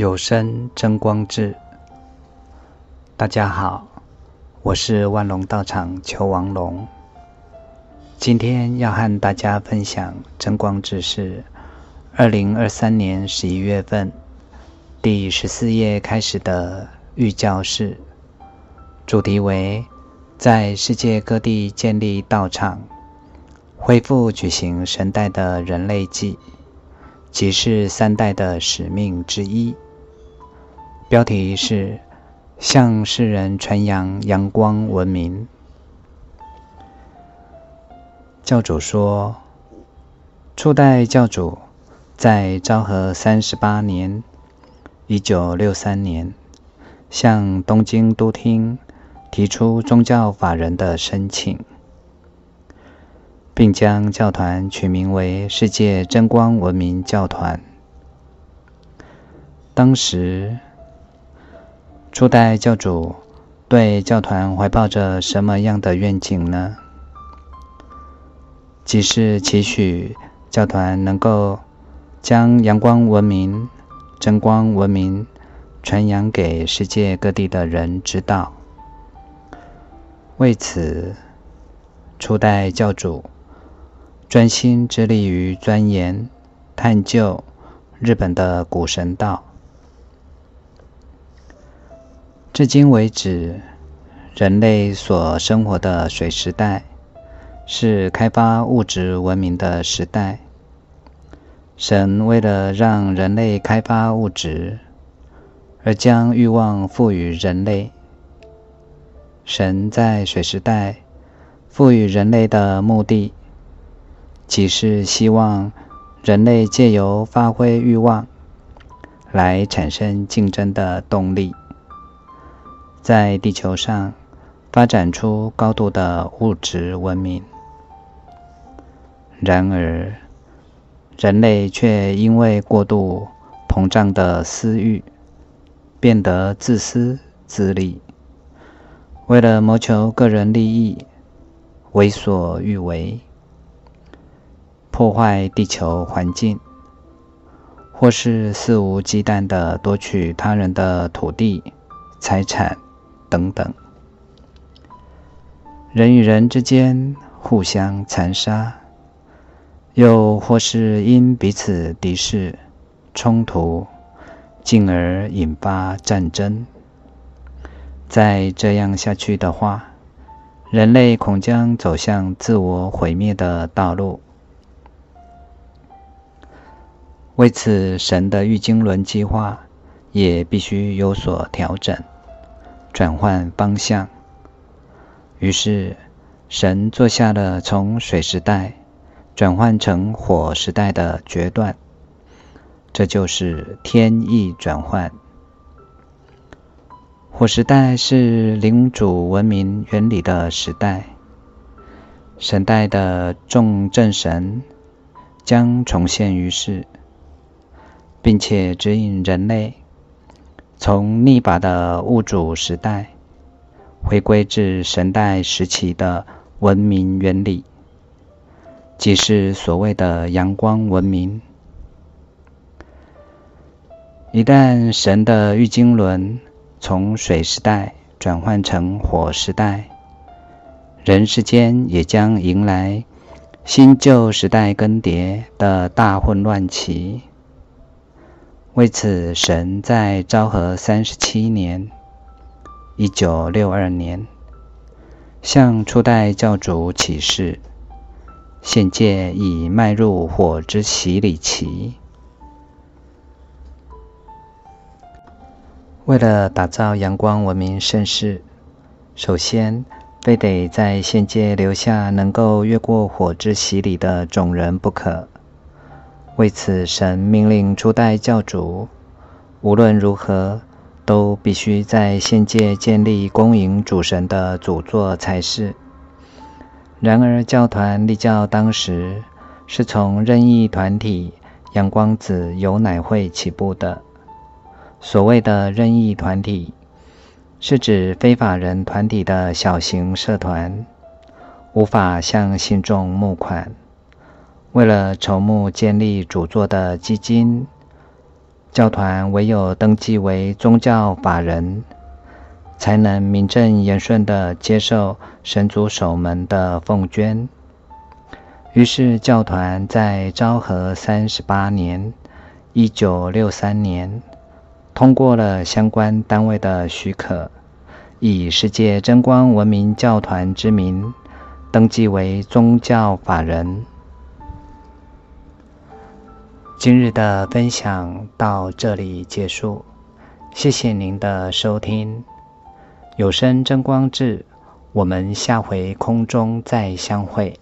有聲真光誌，大家好，我是萬隆道場邱王隆。今天要和大家分享真光誌是二零二三年十一月份第十四頁開始的御教示，主題為在世界各地建立道場，恢復舉行神代的人類祭，即是三代的使命之一。標題是“向世人傳揚陽光文明”。教主說，初代教主在昭和三十八年（一九六三年）向東京都廳提出宗教法人的申請，並將教團取名為“世界真光文明教團”。當時，初代教主對教團懷抱着什麼樣的願景呢？即是期許教團能夠將陽光文明、真光文明傳揚給世界各地的人知道。為此，初代教主專心致力於鑽研、探究日本的古神道。至今為止，人類所生活的水時代是開發物質文明的時代。神為了讓人類開發物質，而將慾望賦予人類。神在水時代賦予人類的目的，即是希望人類借由發揮慾望，來產生競爭的動力。在地球上發展出高度的物質文明，然而人類卻因為過度膨脹的私欲，變得自私自利，為了謀求個人利益，為所欲為，破壞地球環境，或是肆無忌憚的奪取他人的土地、財產。等等，人與人之間互相殘殺，又或是因彼此敵視、衝突，進而引發戰爭。再這樣下去的話，人類恐將走向自我毀滅的道路。為此，神的御經綸計劃也必須有所調整。轉換方向，於是神做下了從水時代轉換成火時代的決斷，這就是天意轉換。火時代是靈主文明原理的時代，神代的眾正神將重現於世，並且指引人類。從逆伐的物主時代回歸至神代時期的文明原理，即是所謂的“陽光文明”。一旦神的御經綸從水時代轉換成火時代，人世間也將迎來新舊時代更迭的大混亂期。為此，神在昭和三十七年（一九六二年）向初代教主啟示，現界已邁入火之洗禮期。為了打造陽光文明盛世，首先非得在現界留下能夠越過火之洗禮的種人不可。為此，神命令初代教主，無論如何都必須在現界建立恭迎主神的主座才是。然而，教團立教當時是從任意團體“陽光子有乃會”起步的。所謂的任意團體，是指非法人團體的小型社團，無法向信眾募款。為了籌募建立主座的基金，教團唯有登記為宗教法人，才能名正言順地接受神組手們的奉捐。於是，教團在昭和三十八年（一九六三年）通過了相關單位的許可，以“世界真光文明教團”之名登記為宗教法人。今日的分享到這裡結束，謝謝您的收聽。有聲真光誌，我們下回空中再相會。